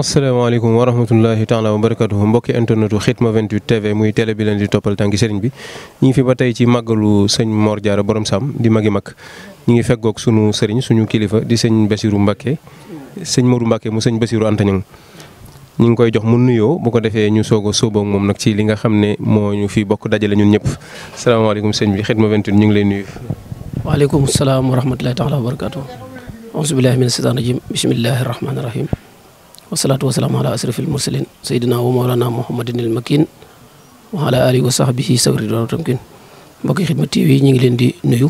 asalaamaaleykum wa rahmatullahi taala wa barakatuhu mbokki internetu Khidma 28 TV muy télé bi leen di toppal tànki sëriñ bi ñu ngi fi ba tey ci màggalu sëñ Mor Diarra borom Sam di magi mag ñu ngi feggoog sunu sëriñ suñu kilifa di sëñ Basiru Mbacke sëñ Modou Mbacke mu sëñ Basiru Antañang ñu ngi koy jox mu nuyoo bu ko defee ñu soog a sóoboo moom nag ci li nga xam ne moo ñu fi bokk dajale ñun ñëpp salaamaaleykum sëñ bi ma 28 ñu ngi lay nuyu. waaleykum salaam wa rahmatullahi taala wa barakatuhu auzu billahi mina wasalaatu wasalaamu ala asrafil mursalin saydina wa mawlana muhammadin il makin wa ala alihi wa sahbihi sawri doon tamkin mbokki Xidma TV ñu ngi leen di nuyu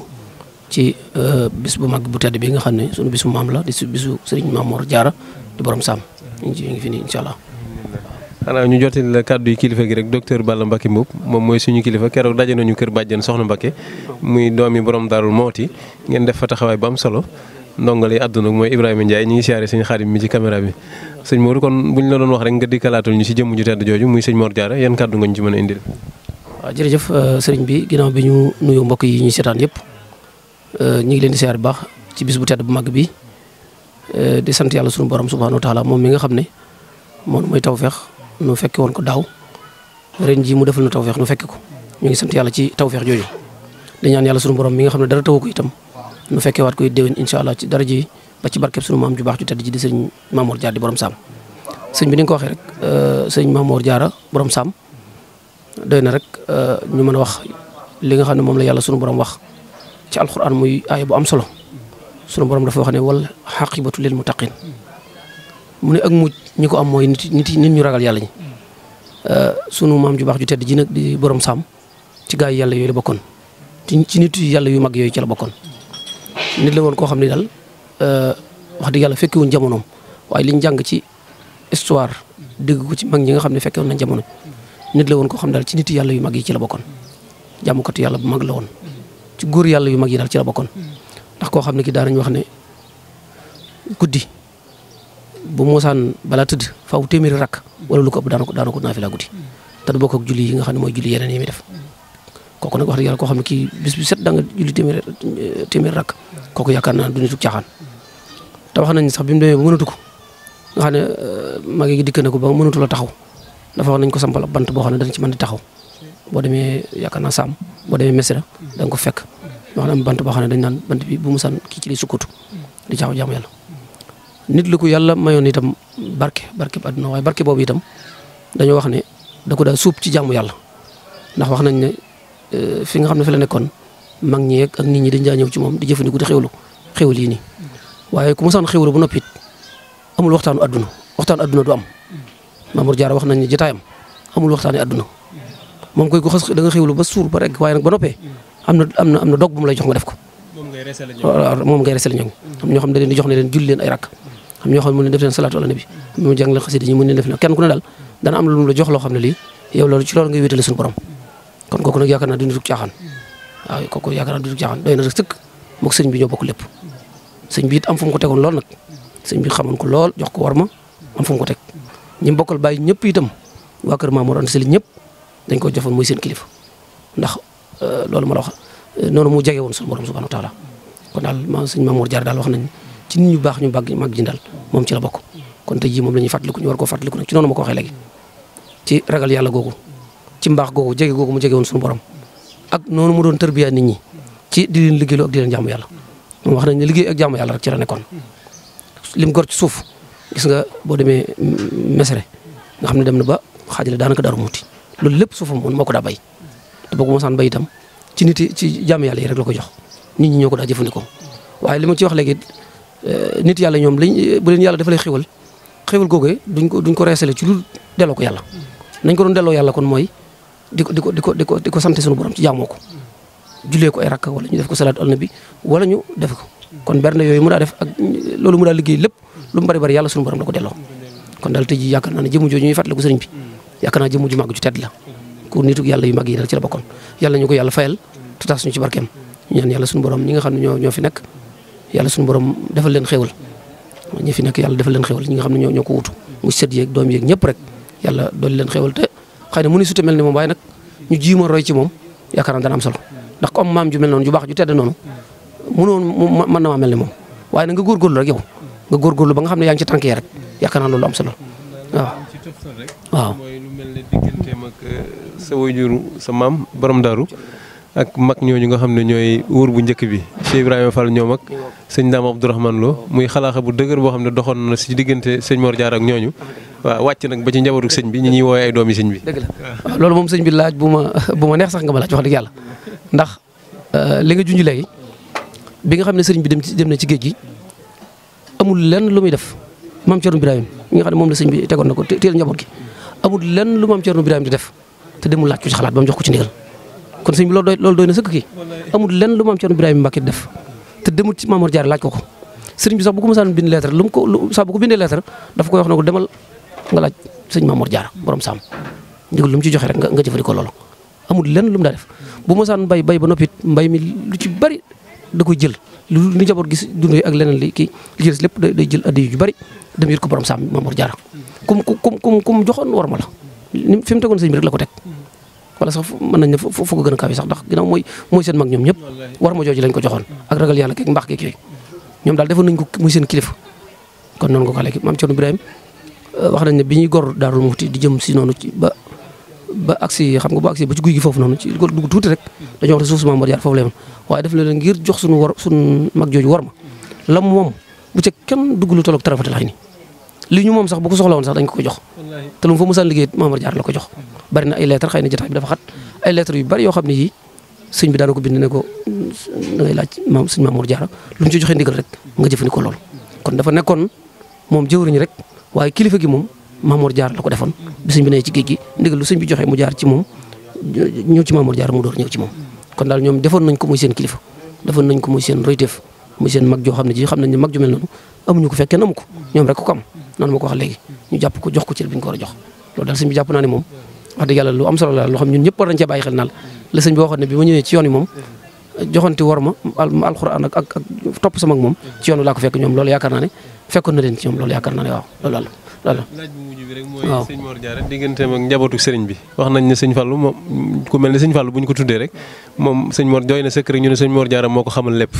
ci euh, bis bu mag bu tedd bi nga xam ne sunu bisu maam la di bisu sëriñ Maamoor Jaara di borom saam ñu ngi fi ñu jottali kàddu yi kilifa gi rek docteur Balla Mbacke Mboup moom mooy suñu kilifa keroog daje nañu kër bàjjen soxna Mbacke muy doomi borom daarul mooti ngeen def fa taxawaay bu am solo ndongo lay àdduna mooy Ibrahima Ndiaye ñu ngi siyaare suñu xarit mi ci caméra bi sëñ Modou kon bu ñu la doon wax rek nga dikkalaatul ñu si jëmm ju tedd jooju muy sëñ Mor yan kàddu nga ñu ci mën a indil. waaw jërëjëf euh, sëriñ bi ginnaaw bi ñu nuyu mbokk yi ñu seetaan yëpp euh, ñu ngi leen di siyaar bu baax ci bis bu tedd bu mag bi euh, di sant yàlla suñu borom subhaanahu wa taala moom mi nga xam ne moom mooy tawféex nu fekke woon ko daaw ren ji mu defal nu tawféex nu fekke ko ñu ngi sant yàlla ci tawféex jooju di ñaan yàlla suñu borom mi nga xam ne dara tawu ko itam nu fekke waat ko it déwén ba ci barkeb sunu maam ju baax ju tedd ji di sëñ Mamour Diarra di borom saam sëñ bi ni ko waxee rek euh, sëñ Mamour jaara borom saam doy na rek euh, ñu mën a wax li nga xam ne moom la yàlla sunu borom wax ci alxuraan muy aaya bu am solo sunu borom dafa wax ne wal xaqibatu lil muttaqin mu taqin mu ne ak mujj ñi ko am mooy nit nit ñu ragal yàlla ñi. Euh, sunu maam ju baax ju tedd ji nag di borom saam ci gaa yàlla yooyu la bokkoon ci nit yàlla yu mag yooyu ca la bokkoon nit xam ne daal. Euh, wax dëgg yàlla fekke wuñ jamonoom waaye liñ jàng ci histoire dégg ko ci mag ñi nga xam ne fekke woon nañ jamono nit la woon koo xam daal ci nit yàlla yu mag yi ci la bokkoon jàmmukatu yàlla bu mag la woon ci góor yàlla yu mag yi daal ci la bokkoon koo xam ne ki daanañ wax ne guddi bu mosaan balaa tëdd faaw téeméeri rakk wala lu ko ëpp daana ko daana ko naafila guddi te du bokk nga xam ne mooy julli yeneen yi muy def kooku nag wax dëgg yàlla koo xam ne kii bis bi set da nga julli téeméeri téeméeri rakk kooku yaakaar naa du nitu caaxaan te wax nañ sax bi mu demee ba ko nga xam euh, mag yi dikk na ko ba mënatu la taxaw dafa wax nañ ko sampal bant boo xam ne dañ ci mën di taxaw boo demee yaakaar naa saam boo demee Missirah da nga ko fekk maanaam bant boo xam ne dañ naan bant bi bu mu san kii ci lay sukkatu di jaaw jaamu yàlla nit lu ko yàlla mayoon itam barke barke bi àdduna waaye barke boobu itam dañoo wax ne da ko daa suub ci jaamu yàlla ndax wax nañ ne euh, fi nga xam ne fi la nekkoon mag ñi ak nit ñi dañ daa ñëw ci moom di jëfandiku di xewlu xewal yi nii waaye ku mosaan xewlu bu noppit amul waxtaanu adduna waxtaanu adduna du am Mamour Diarra wax nañ ne jotaayam amul waxtaani adduna moom koy ku xas da nga xewlu ba suur ba rek waaye nag ba noppee am na dog bu mu lay jox nga def ko moom ngay resel ñëw am ñoo xam ne leen di jox ne leen def leen salaatu ala nabi mu jàng leen xasida ñi leen def leen kenn ku ne daal dana am xam ne lii loolu ci loolu ngay wéetale suñu borom kon kooku nag yaakaar naa du nituk caaxaan waaw kooku yaakaar du nituk caaxaan doy na rek sëkk mook sëriñ bi ñoo bokk lépp sëñ bi it am fu mu ko tegoon lool nag sëñ bi xamoon ko lool jox ko war ma am fu mu ko teg ñi bokkal bàyyi ñëpp itam waa kër Maam Mor Anta Sali ñëpp dañ ko jofoon mooy seen kilifa ndax euh, lool ma la wax euh, noonu mu jege woon suñu borom subhanahu wa taala kon daal ma sëñ Maam Mor daal wax nañ ci nit ñu baax ñu bàgg màgg ji daal moom ci bokk kon tey jii la ñuy fàttaliku ñu war koo fàttaliku nag ci noonu ma ko ragal yàlla googu ci mbaax googu jege googu mu jege suñu borom ak noonu mu doon tërbiya nit ñi ci di leen liggéeyloo ak di jaamu yàlla wax nañ ne liggéey ak jaamu rek ci la nekkoon lim gor ci suuf gis nga boo demee mesere nga xam ne dem na ba xaajale daanaka daru muuti loolu lépp suufam moom moo ko daa bay te bëggu ma saan bay itam ci nit ci jaamu yàlla yi rek la ko jox nit ñi ñoo ko daa jëfandikoo waaye li ma ci wax léegi eh, nit yàlla ñoom liñ eh, bu leen yàlla dafa lay xéwal xéwal googee duñ ko duñ ko reesale ci lu delloo ko yàlla nañ ko doon delloo yàlla kon mooy di ko di ko di ko di borom ko jullee ko e rakka wala ñu def ko salaatu alnabi wala ñu def ko kon berne yooyu mu daa def loolu mu daa liggéey lépp lu mu bari bari yàlla sunu borom la ko delloo kon daal tey jii yaakaar naa ne jëmm jooju ñuy fàttaliku sëriñ bi yaakaar naa jëmm ju màgg ju tedd la ku nituk yàlla yu màgg yi dal ci la bokkoon yàlla ñu ko yàlla fayal te taas ñu ci barkeem ñaan yàlla sunu borom ñi nga xam ne ñoo ñoo fi nekk yàlla sunu borom defal leen xéewal ñi fi nekk yàlla defal leen xéewal ñi ne ñoo ñoo ko wutu mu sët yeeg doom yàlla na mënu sute moom waaye nag ñu jiima ndax comme maam ju mel noonu ju baax ju tedd noonu mënoon mën na maa mel ne moom waaye na nga góorgóorlu rek yow nga góorgóorlu ba nga xam ne yaa ngi ci tànk yi rek yaakaar naa loolu am solo waaw. waaw mooy lu mel ne ak euh, sa wajur sa maam borom daaru ak mag ñooñu nga xam ne ñooy wóor bu njëkk bi Cheikh Ibrahima Fall ñoom ak sëñ Dame Abdourahmane Lo muy xalaaxa bu dëgër boo xam ne doxoon na diggante sëñ Mor Diarra ak ñooñu waaw wàcc nag ba ci njabootu sëñ bi ñi ñuy woowee ay doomi sëñ bi. dëgg la moom sëñ bi laaj bu ma bu ma neex sax nga ma laaj wax dëgg yàlla ndax euh, li nga junj léegi bi xam ne sëriñ bi dem ci dem na ci géej gi amul lenn lu muy def maam Cerno Birahim mi nga xam ne moom la sëriñ bi tegoon na ko teel njaboot gi amul lenn lu maam Cerno Birahim di def te demul laaj ko ci xalaat ba jox ko ci ndigal kon sëriñ bi loolu doy loolu doy na sëkk kii amul lu maam Cerno Birahim Mbàkke di def te demul ci Maamor Jaara laaj ko ko sëriñ bi sax bu ko mësaan bind lettre lu mu ko saa bu ko bindee lettre dafa ko wax na ko demal nga laaj sëñ Maamor Jaara boroom saam ndigal lu mu ci joxe rek nga jëfandikoo loolu amul lenn lu mu daa def bu mosaan bay bay ba noppit mbay mi lu ci bari da koy jël lu li njaboot gis dundee ak leneen li kii li ci des lépp day jël addi yu bari dem yit ko borom saam Mamour Diarra kum kum kum joxoon war ma la ni fi tegoon sëñ bi a kawe sax ndax ginnaaw mooy mooy seen mag ñoom ñëpp war ma jooju lañ ko joxoon ak ragal yàlla keeg mbaax keeg yooyu ñoom daal defoon nañ ko muy seen kilifa kon noonu ko xale maam Thierno Ibrahima euh, wax nañ ne bi ñuy gor Daarul Muxti di jëm si noonu ci ba agsi xam nga ba agsi ba ci guy gi foofu noonu ci ko dugg tuuti rek dañoo wax ne suuf su Maam Mor Jaara foofu lay mën waaye daf leen ngir jox suñu war suñu mag jooju war ma lam moom bu ca kenn dugg lu tolloog tarafatal xëy ni li ñu moom sax bu ko soxla woon sax dañ ko ko jox te lu mu fa musaan liggéey Maam Mor Jaara la ko jox bari na ay lettre xëy na jotaay bi dafa xat ay lettre yu bari yoo xam ne yii sëñ bi daana ko bind ne ko da ngay laaj maam sëñ Maam Mor Jaara lu mu ci joxe ndigal rek nga jëfandikoo loolu kon dafa nekkoon moom jëwriñ rek waaye kilifa gi moom Maam Mor Jaara la ko defoon bi sëñ bi ne ci géej gi ndigal lu sëñ bi joxe mu jaar ci moom ñëw ci Mamour Diarra mu door ñëw ci moom kon daal ñoom defoon nañ ko seen kilifa defoon nañ ko muy seen royteef muy seen mag joo ko fekkee noonu ma ko wax léegi ñu jàpp ko jox ko ci bi ñu war a jox loolu daal sëñ jàpp naa moom wax dëgg yàlla lu am solo la loo xam ñun ñëpp war nañ cee xel naal la sëñ waxoon ne bi ma ñëwee ci yoon yi moom joxante war ma alxuraan topp sama moom ci yoon laa ko fekk ñoom loolu. laaj bu mujj bi rek mooy sëñ Mor Diarra digganteem ak njabootu sëriñ bi wax nañ ne sëñ Fallou moom ku mel ne sëñ Fallou bu ñu ko tuddee rek moom sëñ Mor jooy na sëkk moo ko xamal lépp.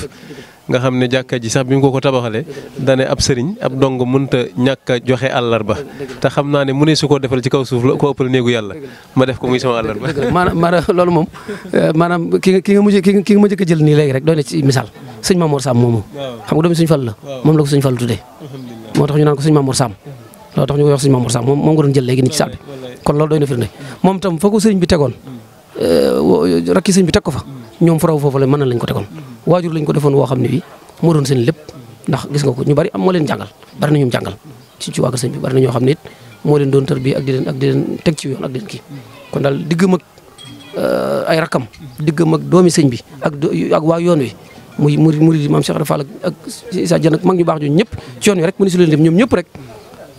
nga xam ne jàkka ji sax bi mu ko ko tabaxalee dane ab sëriñ ab dong mënta ñàkk a joxe te xam naa ne mu ne su ko ci kaw suuf la koo ëppal néegu yàlla ma ko muy sama àllarba. maanaam loolu moom euh, maanaam ki ki nii léegi rek doy na ci misaal sëñ Mamour Sam moomu. xam nga doomi sëñ Fall la moom la ko sëñ Fall tuddee moo tax ñu naan ko sëñ Mamour Sam loolu tax ñu koy wax sëñ Mamour Samb moom moom nga doon jël léegi nii ci saal bi kon loolu doy na firnde moom itam fa ko sëriñ bi tegoon euh, rakki sëñ bi teg ko fa ñoom faraw foofu la mën na lañ ko tegoon waajur lañ ko defoon woo xam ne bi moo doon seen lépp ndax gis nga ko ñu bari am moo leen jàngal bari na jàngal ci ci waa sëriñ bi bari na ñoo xam ne moo leen doon tër bi ak di leen ak di leen teg ci yoon ak di leen kon daal diggam ak euh, ay rakkam diggam ak doomi sëñ bi ak ak waa yoon wi muy murid murid maam Cheikh Ibra Fall ak ak Issa Dieng ak ñu baax jooju ñëpp ci yoon wi rek mu si su leen dem ñoom ñëpp rek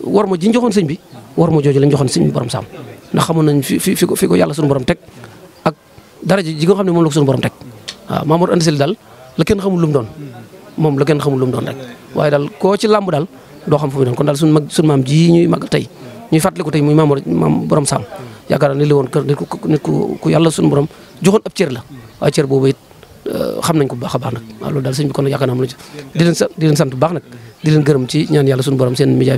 war ma jiñ joxoon sëñ bi war ma jooju lañ joxoon sëñ bi borom saam ndax xamoon nañ fi fi fi ko yàlla suñu borom teg ak dara xam ne moom la ko suñu borom teg waaw Mamour Anta Sali daal la kenn xamul lu mu doon moom la kenn xamul lu mu doon rek waaye daal koo ci làmb daal doo xam fu mu doon kon daal suñu mag suñu maam ji ñuy mag tey ñuy fàttaliku tey muy Mamour borom saam yaakaar naa ne woon kër yàlla suñu borom joxoon ab cër la waaye cër boobu euh, xam nañ ko bu a na ci di leen sant di leen sant bu baax nag di leen gërëm ci ñaan yàlla suñu borom seen média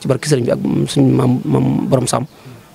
ci barki sëriñ bi ak suñu maam maam borom sàmm